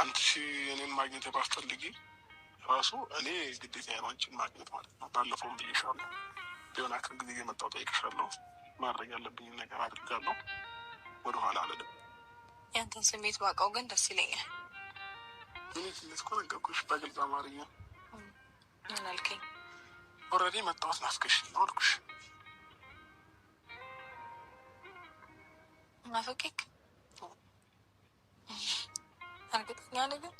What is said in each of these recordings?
አንድ ሺ እኔን ማግኘት የባስፈልጊ ራሱ እኔ ግዴታ አንቺን ማግኘት ማለት ነው። ባለፈውም ብዬሻለሁ፣ ቢሆን አክል ጊዜ እየመጣሁ ጠይቅሻለሁ። ማድረግ ያለብኝ ነገር አድርጋለሁ፣ ወደኋላ አልልም። ያንተን ስሜት ባውቀው ግን ደስ ይለኛል። እኔ ስሜት እኮ ነገርኩሽ በግልጽ አማርኛ። ምን አልከኝ? ኦልሬዲ መጣሁት ናፍቀሽ ነው አልኩሽ። ናፍቄክ እርግጠኛ ነገር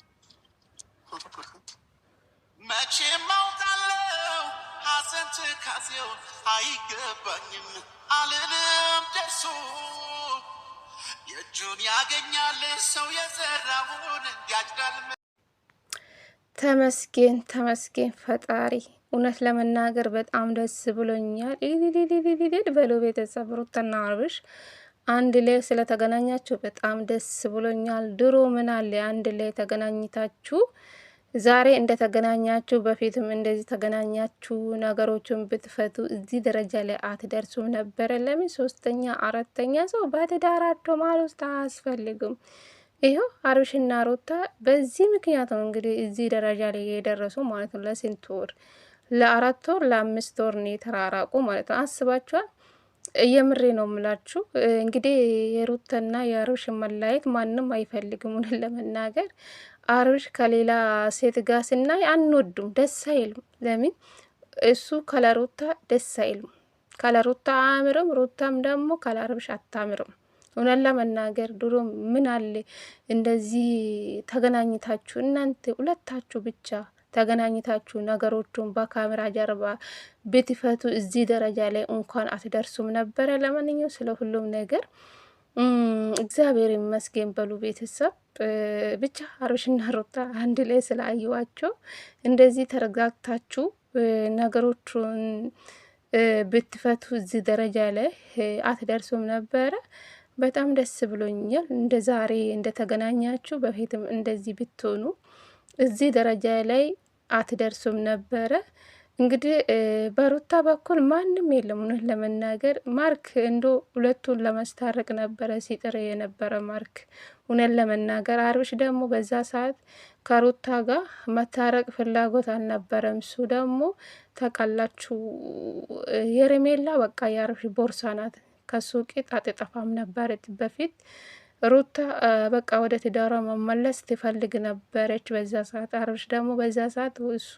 መቼም አይገባኝም አልልም ደርሶ የእጁን ያገኛል ሰው የዘራውን ተመስገን ተመስገን ፈጣሪ። እውነት ለመናገር በጣም ደስ ብሎኛል። ኢዲዲዲዲዲድ በሎ ቤተሰብ ሩትና አብርሽ አንድ ላይ ስለተገናኛችሁ በጣም ደስ ብሎኛል። ድሮ ምን አለ አንድ ላይ ተገናኝታችሁ ዛሬ እንደተገናኛችሁ በፊትም እንደዚህ ተገናኛችሁ ነገሮችን ብትፈቱ እዚህ ደረጃ ላይ አትደርሱም ነበረ። ለምን ሶስተኛ አራተኛ ሰው በትዳራቸው መሀል ውስጥ አያስፈልግም። ይኸው አብርሽና ሩታ በዚህ ምክንያት ነው እንግዲህ እዚህ ደረጃ ላይ የደረሱ ማለት ነው። ለስንት ወር ለአራት ወር ለአምስት ወር ነው የተራራቁ ማለት ነው። አስባችኋል። የምሬ ነው የምላችሁ። እንግዲህ የሩተና የአብርሽ መለያየት ማንም አይፈልግም። እውነት ለመናገር አብርሽ ከሌላ ሴት ጋር ስናይ አንወዱም፣ ደስ አይልም። ለምን እሱ ከለሩታ ደስ አይልም። ከለሩታ አያምርም፣ ሩታም ደግሞ ከለአብርሽ አታምርም። እውነት ለመናገር ድሮ ምን አለ እንደዚህ ተገናኝታችሁ እናንተ ሁለታችሁ ብቻ ተገናኝታችሁ ነገሮቹን በካሜራ ጀርባ ብትፈቱ እዚህ ደረጃ ላይ እንኳን አትደርሱም ነበረ። ለማንኛውም ስለ ሁሉም ነገር እግዚአብሔር ይመስገን በሉ ቤተሰብ። ብቻ አብርሽና ሩታ አንድ ላይ ስላየዋቸው እንደዚህ ተረጋግታችሁ ነገሮቹን ብትፈቱ እዚህ ደረጃ ላይ አትደርሱም ነበረ። በጣም ደስ ብሎኛል እንደ ዛሬ እንደተገናኛችሁ። በፊትም እንደዚህ ብትሆኑ እዚህ ደረጃ ላይ አትደርሱም ነበረ። እንግዲህ በሩታ በኩል ማንም የለም። እውነት ለመናገር ማርክ እንዶ ሁለቱን ለመስታረቅ ነበረ ሲጥር የነበረ ማርክ። እውነት ለመናገር አብርሽ ደግሞ በዛ ሰዓት ከሩታ ጋር መታረቅ ፍላጎት አልነበረም። እሱ ደግሞ ተቃላችሁ የረሜላ በቃ የአብርሽ ቦርሳ ናት። ከሱ ቂጥ አትጠፋም ነበረ በፊት ሩታ በቃ ወደ ትዳሯ መመለስ ትፈልግ ነበረች በዛ ሰዓት። አብርሽ ደግሞ በዛ ሰዓት እሱ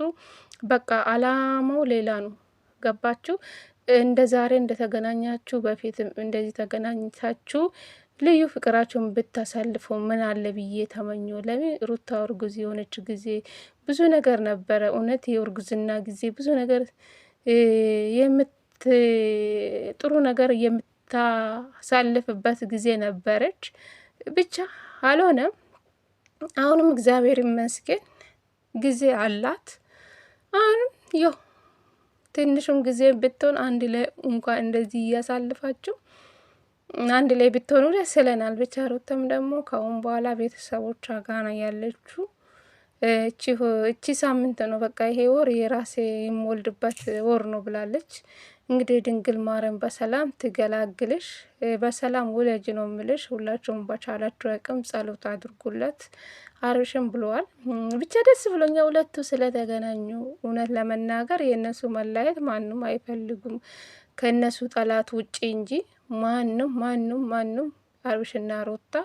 በቃ አላማው ሌላ ነው። ገባችሁ? እንደ ዛሬ እንደተገናኛችሁ በፊትም እንደዚህ ተገናኝታችሁ ልዩ ፍቅራቸውን ብታሳልፉ ምን አለ ብዬ ተመኘ። ለምን ሩታ እርጉዝ የሆነች ጊዜ ብዙ ነገር ነበረ። እውነት የእርጉዝና ጊዜ ብዙ ነገር ጥሩ ነገር የምታሳልፍበት ጊዜ ነበረች። ብቻ አልሆነም። አሁንም እግዚአብሔር ይመስገን ጊዜ አላት። አሁንም ዮ ትንሹም ጊዜ ብትሆን አንድ ላይ እንኳ እንደዚህ እያሳልፋችሁ አንድ ላይ ብትሆኑ ደስ ይለናል። ብቻ ሩትም ደግሞ ከአሁን በኋላ ቤተሰቦቿ ጋር ነው ያለችው። እቺ ሳምንት ነው በቃ ይሄ ወር የራሴ የምወልድበት ወር ነው ብላለች። እንግዲህ ድንግል ማርያም በሰላም ትገላግልሽ፣ በሰላም ውለጅ ነው ምልሽ። ሁላችሁም በቻላችሁ አቅም ጸሎት አድርጉለት አብርሽም ብለዋል። ብቻ ደስ ብሎኛ ሁለቱ ስለተገናኙ። እውነት ለመናገር የእነሱ መለያየት ማንም አይፈልጉም ከእነሱ ጠላት ውጪ እንጂ ማንም ማንም ማንም አብርሽና ሩታ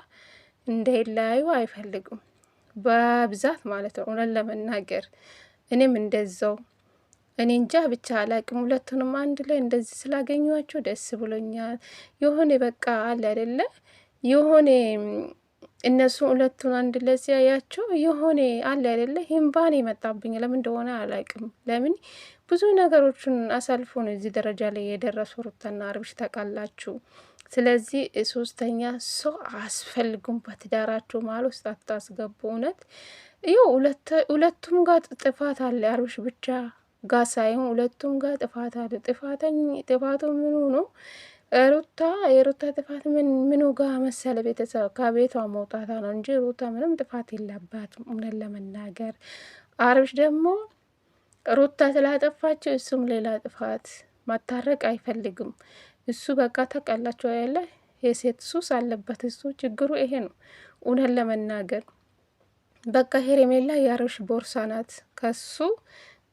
እንዳይለያዩ አይፈልጉም። በብዛት ማለት ነው። እውነት ለመናገር እኔም እንደዛው እኔ እንጃ ብቻ አላቅም። ሁለቱንም አንድ ላይ እንደዚህ ስላገኘኋቸው ደስ ብሎኛል። የሆነ በቃ አለ አይደለ የሆነ እነሱ ሁለቱን አንድ ላይ ሲያያቸው የሆነ አለ አይደለ ሂምባን የመጣብኝ ለምን እንደሆነ አላቅም። ለምን ብዙ ነገሮችን አሳልፎ ነው እዚህ ደረጃ ላይ የደረሱ ሩታና አብርሽ ታውቃላችሁ። ስለዚህ ሶስተኛ ሰው አስፈልጉም በትዳራችሁ መሀል ውስጥ አታስገቡ። እውነት ይኸው ሁለቱም ጋር ጥፋት አለ። አብርሽ ብቻ ጋር ሳይሆን ሁለቱም ጋር ጥፋት አለ። ጥፋተኝ ጥፋቱ ምኑ ነው? ሩታ የሩታ ጥፋት ምኑ ጋ መሰለ ቤተሰብ ከቤቷ መውጣታ ነው እንጂ ሩታ ምንም ጥፋት የለባትም። እውነት ለመናገር አብርሽ ደግሞ ሩታ ስላጠፋቸው እሱም ሌላ ጥፋት ማታረቅ አይፈልግም። እሱ በቃ ታውቃላችሁ ያለ የሴት ሱስ አለበት። እሱ ችግሩ ይሄ ነው። እውነት ለመናገር በቃ ሄሬሜላ የአብርሽ ቦርሳ ናት። ከሱ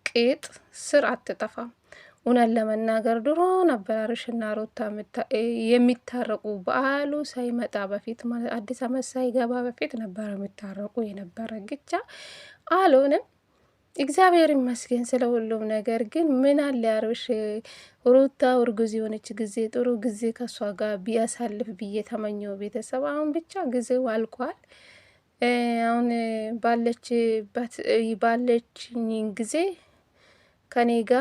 ቂጥ ስር አትጠፋም። እውነት ለመናገር ድሮ ነበር አብርሽና ሩታ የሚታረቁ በዓሉ ሳይመጣ በፊት አዲስ አመት ሳይገባ በፊት ነበር የሚታረቁ የነበረ ግቻ አልሆነም። እግዚአብሔር ይመስገን ስለ ሁሉም ነገር። ግን ምን አለ አብርሽ ሩታ እርጉዝ የሆነች ጊዜ ጥሩ ጊዜ ከእሷ ጋር ቢያሳልፍ ብዬ ተመኘው። ቤተሰብ አሁን ብቻ ጊዜው አልቋል። አሁን ባለች ባለችኝ ጊዜ ከኔ ጋ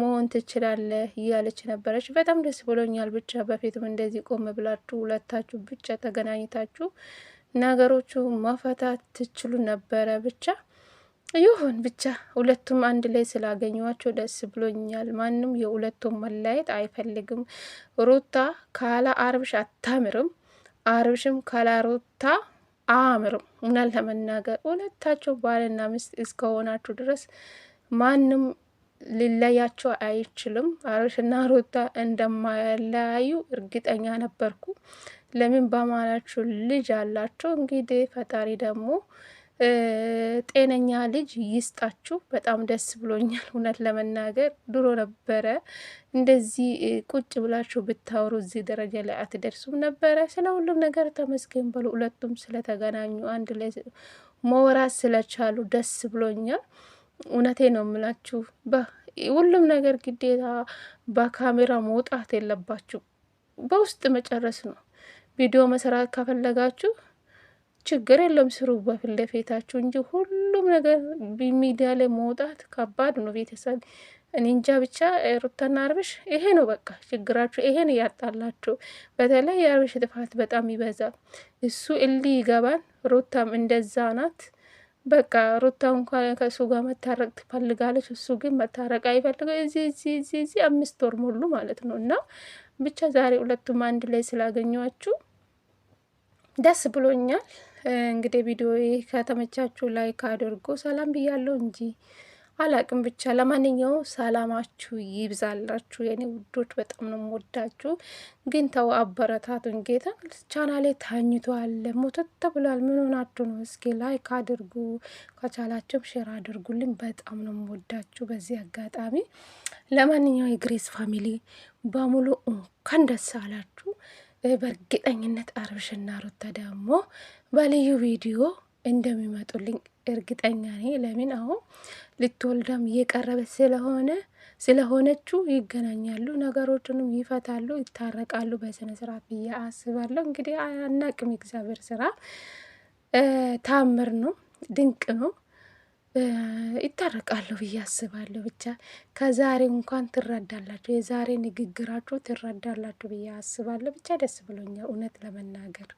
መሆን ትችላለ እያለች ነበረች። በጣም ደስ ብሎኛል። ብቻ በፊትም እንደዚህ ቆም ብላችሁ ሁለታችሁ ብቻ ተገናኝታችሁ ነገሮቹ ማፈታት ትችሉ ነበረ ብቻ ይሁን ብቻ ሁለቱም አንድ ላይ ስላገኘዋቸው ደስ ብሎኛል። ማንም የሁለቱም መለያየት አይፈልግም። ሩታ ካላ አብርሽ አታምርም፣ አብርሽም ካላ ሩታ አምርም። እውነት ለመናገር ሁለታቸው ባልና ሚስት እስከሆናችሁ ድረስ ማንም ሊለያቸው አይችልም። አብርሽና ሩታ እንደማያለያዩ እርግጠኛ ነበርኩ። ለምን በማላችሁ ልጅ አላቸው። እንግዲህ ፈጣሪ ደግሞ ጤነኛ ልጅ ይስጣችሁ። በጣም ደስ ብሎኛል። እውነት ለመናገር ድሮ ነበረ እንደዚህ ቁጭ ብላችሁ ብታወሩ እዚህ ደረጃ ላይ አትደርሱም ነበረ። ስለ ሁሉም ነገር ተመስገን በሉ። ሁለቱም ስለተገናኙ አንድ ላይ መወራት ስለቻሉ ደስ ብሎኛል። እውነቴ ነው የምላችሁ። ሁሉም ነገር ግዴታ በካሜራ መውጣት የለባችሁ፣ በውስጥ መጨረስ ነው። ቪዲዮ መስራት ከፈለጋችሁ ችግር የለም ስሩ በፊት ለፊታችሁ እንጂ ሁሉም ነገር ሚዲያ ላይ መውጣት ከባድ ነው። ቤተሰብ እኔ እንጃ ብቻ ሩታና አብርሽ ይሄ ነው በቃ ችግራችሁ፣ ይሄን እያጣላችሁ። በተለይ የአብርሽ ጥፋት በጣም ይበዛል። እሱ እሊ ይገባል፣ ሩታም እንደዛ ናት። በቃ ሩታ እንኳን ከእሱ ጋር መታረቅ ትፈልጋለች፣ እሱ ግን መታረቅ አይፈልገው። እዚ እዚ እዚ አምስት ወር ሙሉ ማለት ነው እና ብቻ ዛሬ ሁለቱም አንድ ላይ ስላገኘዋችሁ ደስ ብሎኛል። እንግዲህ ቪዲዮ ከተመቻችሁ ላይክ አድርጎ ሰላም ብያለሁ እንጂ አላቅም ብቻ። ለማንኛውም ሰላማችሁ ይብዛላችሁ የኔ ውዶች፣ በጣም ነው ወዳችሁ ግን ተው አበረታቱን። ጌታ ቻናሌ ታኝቷል፣ ሞተተ ብሏል። ምን ሆናችሁ ነው? እስኪ ላይክ አድርጉ፣ ከቻላችሁም ሼር አድርጉልኝ። በጣም ነው ወዳችሁ በዚህ አጋጣሚ ለማንኛው የግሬስ ፋሚሊ በሙሉ እንኳን ደስ አላችሁ። በእርግጠኝነት አብርሽና ሩታ ደግሞ በልዩ ቪዲዮ እንደሚመጡልኝ እርግጠኛ ነኝ። ለምን አሁን ልትወልዳም እየቀረበ ስለሆነ ስለሆነችው ይገናኛሉ፣ ነገሮችንም ይፈታሉ፣ ይታረቃሉ በስነ ስርዓት ብዬ አስባለሁ። እንግዲህ አናቅም። እግዚአብሔር ስራ ታምር ነው፣ ድንቅ ነው። ይታረቃለሁ ብዬ አስባለሁ። ብቻ ከዛሬ እንኳን ትረዳላችሁ፣ የዛሬ ንግግራችሁ ትረዳላችሁ ብዬ አስባለሁ። ብቻ ደስ ብሎኛል እውነት ለመናገር